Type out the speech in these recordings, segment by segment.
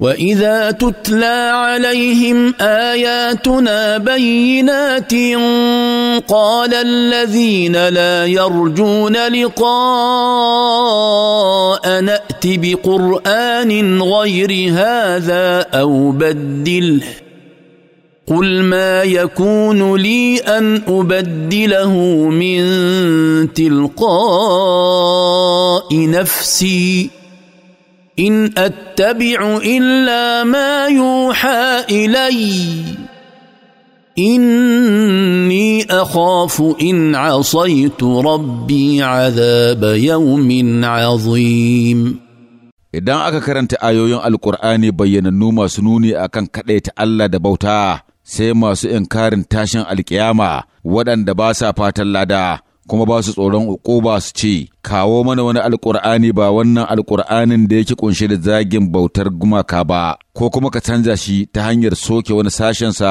واذا تتلى عليهم اياتنا بينات قال الذين لا يرجون لقاء نات بقران غير هذا او بدله قل ما يكون لي ان ابدله من تلقاء نفسي ان اتبع الا ما يوحى الي اني اخاف ان عصيت ربي عذاب يوم عظيم idan aka karanta ayoyin alkur'ani bayyanannu masu nuni akan kaɗaita Allah da bauta sai masu inkarin tashin alkiyama waɗanda ba sa fatan lada kuma ba su tsoron uku ba su ce kawo mana wani alkur'ani ba wannan alkur'anin da yake kunshe da zagin bautar gumaka ba ko kuma ka canza shi ta hanyar soke wani sashensa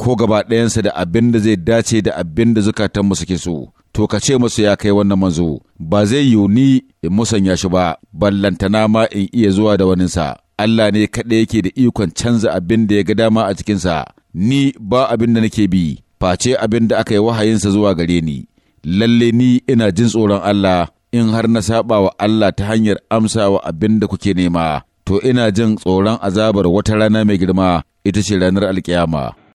ko gaba ɗayansa da abin da zai dace da abin da musu suke so to ka ce musu ya kai wannan manzo ba zai yiwu ni in musanya shi ba ballantana ma in iya zuwa da waninsa Allah ne kaɗai yake da ikon canza abin da ya ga dama a cikinsa ni ba abin da nake bi face abin da aka yi wahayinsa zuwa gare ni lalle ni ina jin tsoron Allah in har na saba wa Allah ta hanyar amsawa abin da kuke nema, to ina jin tsoron azabar wata rana mai girma ita ce ranar alkiyama.